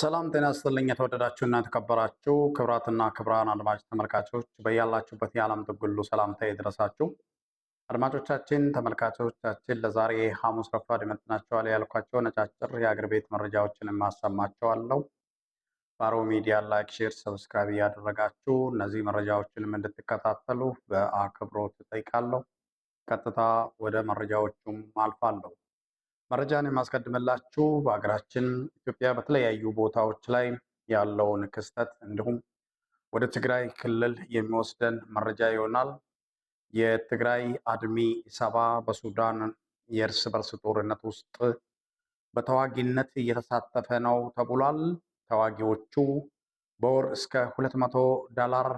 ሰላም ጤና ይስጥልኝ። የተወደዳችሁና የተከበራችሁ ክብራትና ክብራን አድማጭ ተመልካቾች በያላችሁበት የዓለም ጥግ ሁሉ ሰላምታ ይድረሳችሁ። አድማጮቻችን፣ ተመልካቾቻችን ለዛሬ ሐሙስ ረፋድ ይመጥናቸዋል ያልኳቸው ነጫጭር የአገር ቤት መረጃዎችን ማሰማቸዋለሁ። ባሮ ሚዲያ ላይክ፣ ሼር፣ ሰብስክራይብ እያደረጋችሁ እነዚህ መረጃዎችንም እንድትከታተሉ በአክብሮት እጠይቃለሁ። ቀጥታ ወደ መረጃዎቹም አልፋለሁ። መረጃን የማስቀድመላችሁ በሀገራችን ኢትዮጵያ በተለያዩ ቦታዎች ላይ ያለውን ክስተት እንዲሁም ወደ ትግራይ ክልል የሚወስደን መረጃ ይሆናል። የትግራይ አድሚ ሰባ በሱዳን የእርስ በርስ ጦርነት ውስጥ በተዋጊነት እየተሳተፈ ነው ተብሏል። ተዋጊዎቹ በወር እስከ 200 ዶላር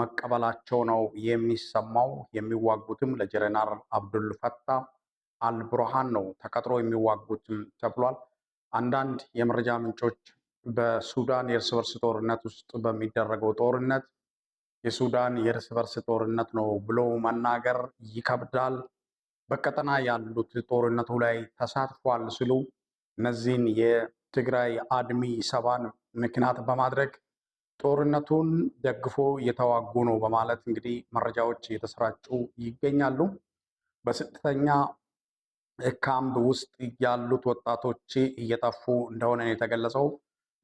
መቀበላቸው ነው የሚሰማው። የሚዋጉትም ለጀረናር አብዱል ፈታ አልብርሃን ነው ተቀጥሮ የሚዋጉትም ተብሏል። አንዳንድ የመረጃ ምንጮች በሱዳን የእርስ በርስ ጦርነት ውስጥ በሚደረገው ጦርነት የሱዳን የእርስ በርስ ጦርነት ነው ብሎ መናገር ይከብዳል፣ በቀጠና ያሉት ጦርነቱ ላይ ተሳትፏል ሲሉ እነዚህን የትግራይ አድሚ ሰባን ምክንያት በማድረግ ጦርነቱን ደግፎ እየተዋጉ ነው በማለት እንግዲህ መረጃዎች እየተሰራጩ ይገኛሉ። በስተኛ ካምፕ ውስጥ ያሉት ወጣቶች እየጠፉ እንደሆነ ነው የተገለጸው።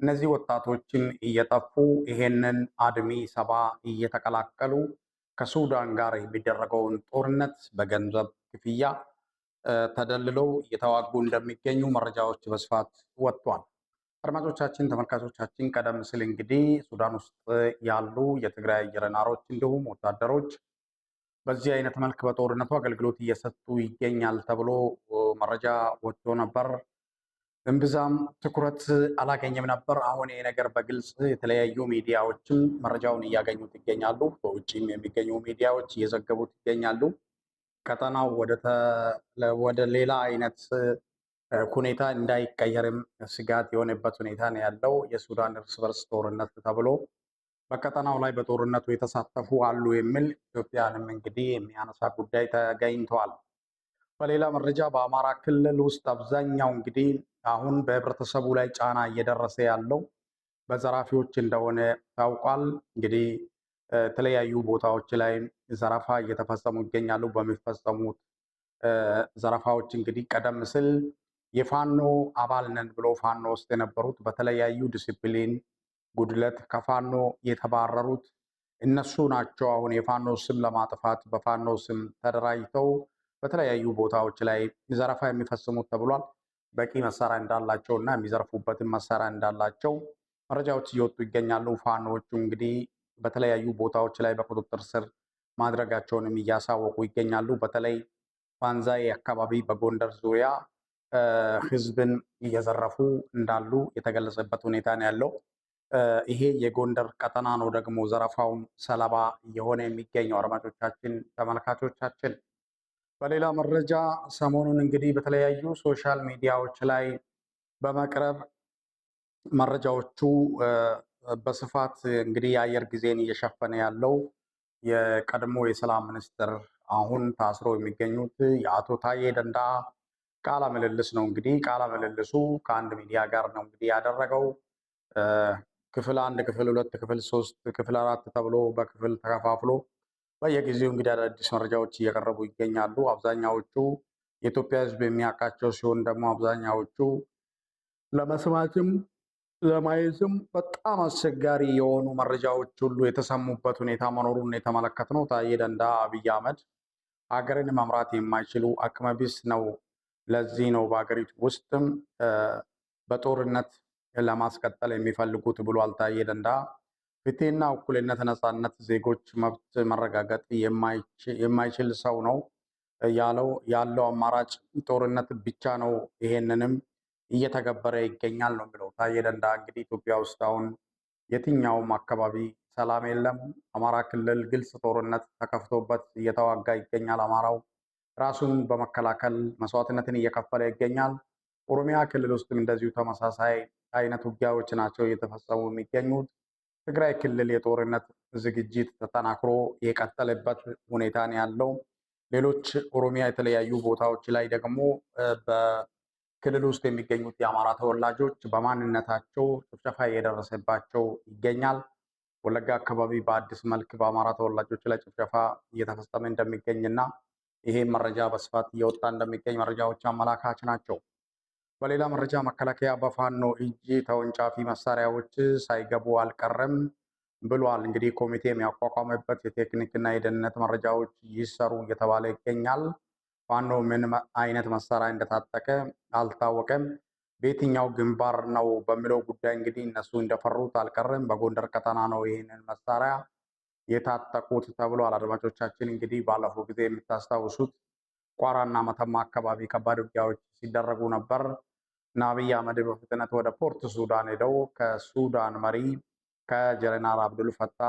እነዚህ ወጣቶችም እየጠፉ ይሄንን አድሚ ሰባ እየተቀላቀሉ ከሱዳን ጋር የሚደረገውን ጦርነት በገንዘብ ክፍያ ተደልለው እየተዋጉ እንደሚገኙ መረጃዎች በስፋት ወጥቷል። አድማጮቻችን፣ ተመልካቾቻችን ቀደም ሲል እንግዲህ ሱዳን ውስጥ ያሉ የትግራይ ጀነራሎች እንዲሁም ወታደሮች በዚህ አይነት መልክ በጦርነቱ አገልግሎት እየሰጡ ይገኛል ተብሎ መረጃ ወጥቶ ነበር። እምብዛም ትኩረት አላገኘም ነበር። አሁን ይሄ ነገር በግልጽ የተለያዩ ሚዲያዎችም መረጃውን እያገኙት ይገኛሉ። በውጭም የሚገኙ ሚዲያዎች እየዘገቡት ይገኛሉ። ቀጠናው ወደ ሌላ አይነት ሁኔታ እንዳይቀየርም ስጋት የሆነበት ሁኔታ ነው ያለው የሱዳን እርስ በርስ ጦርነት ተብሎ በቀጠናው ላይ በጦርነቱ የተሳተፉ አሉ የሚል ኢትዮጵያንም እንግዲህ የሚያነሳ ጉዳይ ተገኝተዋል። በሌላ መረጃ በአማራ ክልል ውስጥ አብዛኛው እንግዲህ አሁን በህብረተሰቡ ላይ ጫና እየደረሰ ያለው በዘራፊዎች እንደሆነ ታውቋል። እንግዲህ የተለያዩ ቦታዎች ላይ ዘረፋ እየተፈጸሙ ይገኛሉ። በሚፈጸሙት ዘረፋዎች እንግዲህ ቀደም ሲል የፋኖ አባል ነን ብሎ ፋኖ ውስጥ የነበሩት በተለያዩ ዲስፕሊን ጉድለት ከፋኖ የተባረሩት እነሱ ናቸው። አሁን የፋኖ ስም ለማጥፋት በፋኖ ስም ተደራጅተው በተለያዩ ቦታዎች ላይ ዘረፋ የሚፈጽሙት ተብሏል። በቂ መሳሪያ እንዳላቸው እና የሚዘርፉበትን መሳሪያ እንዳላቸው መረጃዎች እየወጡ ይገኛሉ። ፋኖቹ እንግዲህ በተለያዩ ቦታዎች ላይ በቁጥጥር ስር ማድረጋቸውንም እያሳወቁ ይገኛሉ። በተለይ ባንዛይ አካባቢ በጎንደር ዙሪያ ህዝብን እየዘረፉ እንዳሉ የተገለጸበት ሁኔታ ነው ያለው። ይሄ የጎንደር ቀጠና ነው ደግሞ ዘረፋውም ሰለባ እየሆነ የሚገኘው። አድማጮቻችን፣ ተመልካቾቻችን በሌላ መረጃ ሰሞኑን እንግዲህ በተለያዩ ሶሻል ሚዲያዎች ላይ በመቅረብ መረጃዎቹ በስፋት እንግዲህ የአየር ጊዜን እየሸፈነ ያለው የቀድሞ የሰላም ሚኒስትር አሁን ታስሮ የሚገኙት የአቶ ታዬ ደንዳ ቃለ ምልልስ ነው። እንግዲህ ቃለ ምልልሱ ከአንድ ሚዲያ ጋር ነው እንግዲህ ያደረገው ክፍል አንድ፣ ክፍል ሁለት፣ ክፍል ሶስት፣ ክፍል አራት ተብሎ በክፍል ተከፋፍሎ በየጊዜው እንግዲህ አዳዲስ መረጃዎች እየቀረቡ ይገኛሉ። አብዛኛዎቹ የኢትዮጵያ ሕዝብ የሚያውቃቸው ሲሆን ደግሞ አብዛኛዎቹ ለመስማትም ለማየትም በጣም አስቸጋሪ የሆኑ መረጃዎች ሁሉ የተሰሙበት ሁኔታ መኖሩን የተመለከት ነው። ታዬ ደንዳ አብይ አህመድ ሀገርን መምራት የማይችሉ አቅመቢስ ነው። ለዚህ ነው በሀገሪቱ ውስጥም በጦርነት ለማስቀጠል የሚፈልጉት ብሏል አልታየ ደንዳ ፍትህና እኩልነት፣ ነጻነት፣ ዜጎች መብት መረጋገጥ የማይችል ሰው ነው ያለው ያለው አማራጭ ጦርነት ብቻ ነው። ይሄንንም እየተገበረ ይገኛል ነው የሚለው ታዬ ደንዳ። እንግዲህ ኢትዮጵያ ውስጥ አሁን የትኛውም አካባቢ ሰላም የለም። አማራ ክልል ግልጽ ጦርነት ተከፍቶበት እየተዋጋ ይገኛል። አማራው ራሱን በመከላከል መስዋዕትነትን እየከፈለ ይገኛል። ኦሮሚያ ክልል ውስጥም እንደዚሁ ተመሳሳይ አይነት ውጊያዎች ናቸው እየተፈጸሙ የሚገኙት። ትግራይ ክልል የጦርነት ዝግጅት ተጠናክሮ የቀጠለበት ሁኔታ ነው ያለው። ሌሎች ኦሮሚያ የተለያዩ ቦታዎች ላይ ደግሞ በክልል ውስጥ የሚገኙት የአማራ ተወላጆች በማንነታቸው ጭፍጨፋ እየደረሰባቸው ይገኛል። ወለጋ አካባቢ በአዲስ መልክ በአማራ ተወላጆች ላይ ጭፍጨፋ እየተፈጸመ እንደሚገኝና ይሄ መረጃ በስፋት እየወጣ እንደሚገኝ መረጃዎች አመላካች ናቸው። በሌላ መረጃ መከላከያ በፋኖ እጅ ተወንጫፊ መሳሪያዎች ሳይገቡ አልቀረም ብሏል። እንግዲህ ኮሚቴ የሚያቋቋምበት የቴክኒክና የደህንነት መረጃዎች ይሰሩ እየተባለ ይገኛል። ፋኖ ምን አይነት መሳሪያ እንደታጠቀ አልታወቀም። በየትኛው ግንባር ነው በሚለው ጉዳይ እንግዲህ እነሱ እንደፈሩት አልቀርም። በጎንደር ቀጠና ነው ይህንን መሳሪያ የታጠቁት ተብሏል። አድማጮቻችን እንግዲህ ባለፈው ጊዜ የምታስታውሱት ቋራና መተማ አካባቢ ከባድ ውጊያዎች ሲደረጉ ነበር። እና አብይ አህመድ በፍጥነት ወደ ፖርት ሱዳን ሄደው ከሱዳን መሪ ከጀነራል አብዱል ፈታ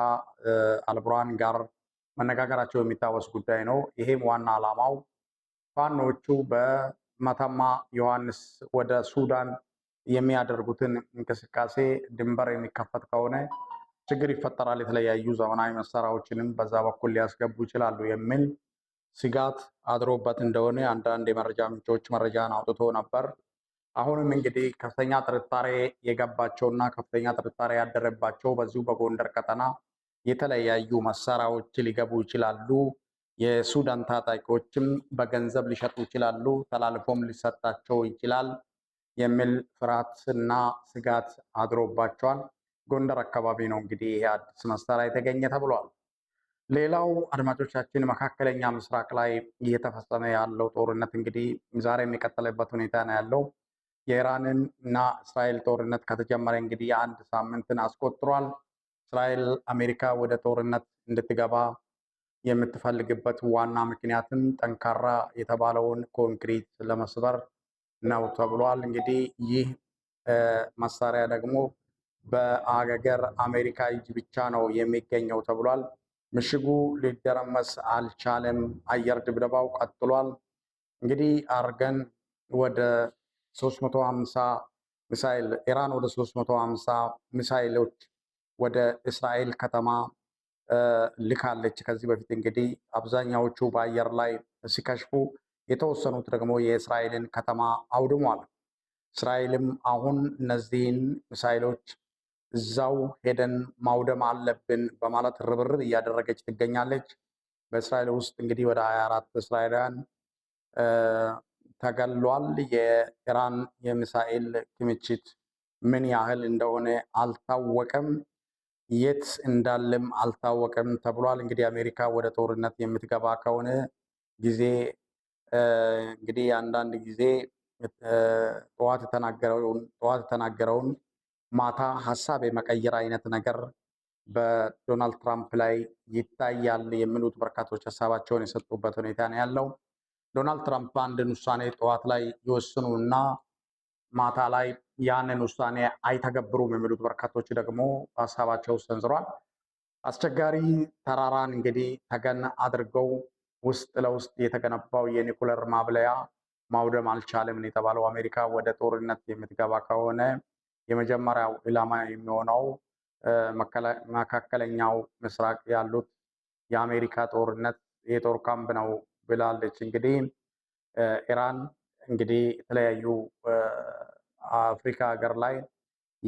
አልቡርሃን ጋር መነጋገራቸው የሚታወስ ጉዳይ ነው። ይሄም ዋና ዓላማው ፋኖቹ በመተማ ዮሐንስ ወደ ሱዳን የሚያደርጉትን እንቅስቃሴ ድንበር የሚከፈት ከሆነ ችግር ይፈጠራል፣ የተለያዩ ዘመናዊ መሳሪያዎችንም በዛ በኩል ሊያስገቡ ይችላሉ የሚል ስጋት አድሮበት እንደሆነ አንዳንድ የመረጃ ምንጮች መረጃን አውጥቶ ነበር። አሁንም እንግዲህ ከፍተኛ ጥርጣሬ የገባቸውና ከፍተኛ ጥርጣሬ ያደረባቸው በዚሁ በጎንደር ቀጠና የተለያዩ መሳሪያዎች ሊገቡ ይችላሉ፣ የሱዳን ታጣቂዎችም በገንዘብ ሊሸጡ ይችላሉ፣ ተላልፎም ሊሰጣቸው ይችላል የሚል ፍርሃት እና ስጋት አድሮባቸዋል። ጎንደር አካባቢ ነው እንግዲህ ይሄ አዲስ መሳሪያ የተገኘ ተብሏል። ሌላው አድማጮቻችን መካከለኛ ምስራቅ ላይ እየተፈጸመ ያለው ጦርነት እንግዲህ ዛሬ የሚቀጥልበት ሁኔታ ነው ያለው። የኢራንን እና እስራኤል ጦርነት ከተጀመረ እንግዲህ የአንድ ሳምንትን አስቆጥሯል። እስራኤል አሜሪካ ወደ ጦርነት እንድትገባ የምትፈልግበት ዋና ምክንያትም ጠንካራ የተባለውን ኮንክሪት ለመስበር ነው ተብሏል። እንግዲህ ይህ መሳሪያ ደግሞ በአገገር አሜሪካ እጅ ብቻ ነው የሚገኘው ተብሏል። ምሽጉ ሊደረመስ አልቻለም። አየር ድብደባው ቀጥሏል። እንግዲህ አርገን ወደ 350 ሚሳይል ኢራን ወደ 350 ሚሳኤሎች ወደ እስራኤል ከተማ ልካለች። ከዚህ በፊት እንግዲህ አብዛኛዎቹ በአየር ላይ ሲከሽፉ፣ የተወሰኑት ደግሞ የእስራኤልን ከተማ አውድሟል። እስራኤልም አሁን እነዚህን ሚሳኤሎች እዛው ሄደን ማውደም አለብን በማለት ርብርብ እያደረገች ትገኛለች። በእስራኤል ውስጥ እንግዲህ ወደ 24 እስራኤላውያን ተገሏል። የኢራን የሚሳኤል ክምችት ምን ያህል እንደሆነ አልታወቀም፣ የት እንዳለም አልታወቀም ተብሏል። እንግዲህ አሜሪካ ወደ ጦርነት የምትገባ ከሆነ ጊዜ እንግዲህ አንዳንድ ጊዜ ጠዋት የተናገረውን ማታ ሀሳብ የመቀየር አይነት ነገር በዶናልድ ትራምፕ ላይ ይታያል የሚሉት በርካቶች ሀሳባቸውን የሰጡበት ሁኔታ ነው ያለው። ዶናልድ ትራምፕ አንድን ውሳኔ ጠዋት ላይ ይወስኑ እና ማታ ላይ ያንን ውሳኔ አይተገብሩም የሚሉት በርካቶች ደግሞ በሀሳባቸው ሰንዝሯል። አስቸጋሪ ተራራን እንግዲህ ተገን አድርገው ውስጥ ለውስጥ የተገነባው የኒኩለር ማብለያ ማውደም አልቻለም የተባለው አሜሪካ ወደ ጦርነት የምትገባ ከሆነ የመጀመሪያው ኢላማ የሚሆነው መካከለኛው ምስራቅ ያሉት የአሜሪካ ጦርነት የጦር ካምፕ ነው ብላለች። እንግዲህ ኢራን እንግዲህ የተለያዩ አፍሪካ ሀገር ላይ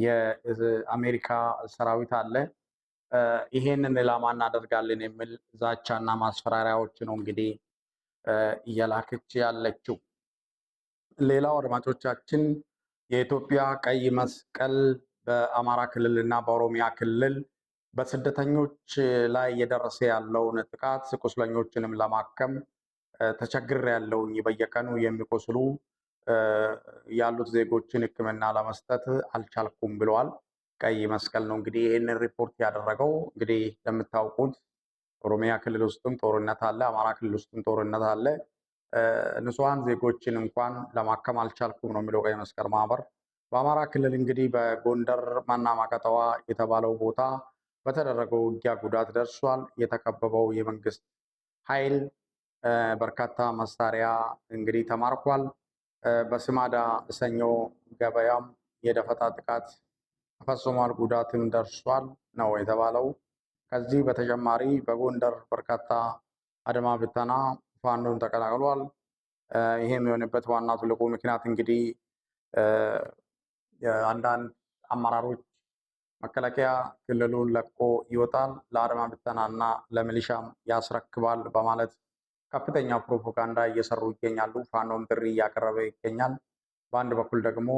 የአሜሪካ ሰራዊት አለ ይሄንን ኢላማ እናደርጋለን የሚል ዛቻና ማስፈራሪያዎች ነው እንግዲህ እየላከች ያለችው። ሌላው አድማጮቻችን የኢትዮጵያ ቀይ መስቀል በአማራ ክልል እና በኦሮሚያ ክልል በስደተኞች ላይ እየደረሰ ያለውን ጥቃት ቁስለኞችንም ለማከም ተቸግር ያለውኝ በየቀኑ የሚቆስሉ ያሉት ዜጎችን ሕክምና ለመስጠት አልቻልኩም ብለዋል። ቀይ መስቀል ነው እንግዲህ ይህንን ሪፖርት ያደረገው። እንግዲህ እንደምታውቁት ኦሮሚያ ክልል ውስጥም ጦርነት አለ፣ አማራ ክልል ውስጥም ጦርነት አለ። ንጹሐን ዜጎችን እንኳን ለማከም አልቻልኩም ነው የሚለው ቀይ መስቀል ማህበር። በአማራ ክልል እንግዲህ በጎንደር ማናማቀጠዋ የተባለው ቦታ በተደረገው ውጊያ ጉዳት ደርሷል። የተከበበው የመንግስት ኃይል በርካታ መሳሪያ እንግዲህ ተማርኳል። በስማዳ ሰኞ ገበያም የደፈጣ ጥቃት ተፈጽሟል፣ ጉዳትም ደርሷል ነው የተባለው። ከዚህ በተጨማሪ በጎንደር በርካታ አድማ ብተና ፋኖን ተቀላቅሏል። ይህም የሆነበት ዋና ትልቁ ምክንያት እንግዲህ አንዳንድ አመራሮች መከላከያ ክልሉን ለቆ ይወጣል፣ ለአድማ ብተናና ለሚሊሻም ያስረክባል በማለት ከፍተኛ ፕሮፓጋንዳ እየሰሩ ይገኛሉ። ፋኖም ጥሪ እያቀረበ ይገኛል። በአንድ በኩል ደግሞ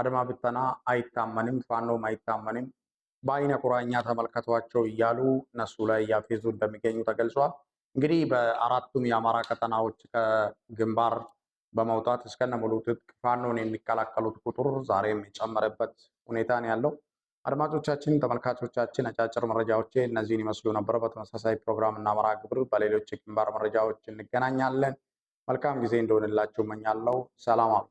አድማ ብተና አይታመንም፣ ፋኖም አይታመንም፣ በአይነ ቁራኛ ተመልከቷቸው እያሉ እነሱ ላይ እያፌዙ እንደሚገኙ ተገልጿል። እንግዲህ በአራቱም የአማራ ቀጠናዎች ከግንባር በመውጣት እስከነ ሙሉ ትጥቅ ፋኖን የሚቀላቀሉት ቁጥር ዛሬም የጨመረበት ሁኔታ ነው ያለው። አድማጮቻችን፣ ተመልካቾቻችን አጫጭር መረጃዎች እነዚህን ይመስሉ ነበር። በተመሳሳይ ፕሮግራም እና መርሃ ግብር በሌሎች የግንባር መረጃዎች እንገናኛለን። መልካም ጊዜ እንደሆንላችሁ እመኛለሁ። ሰላም አሉ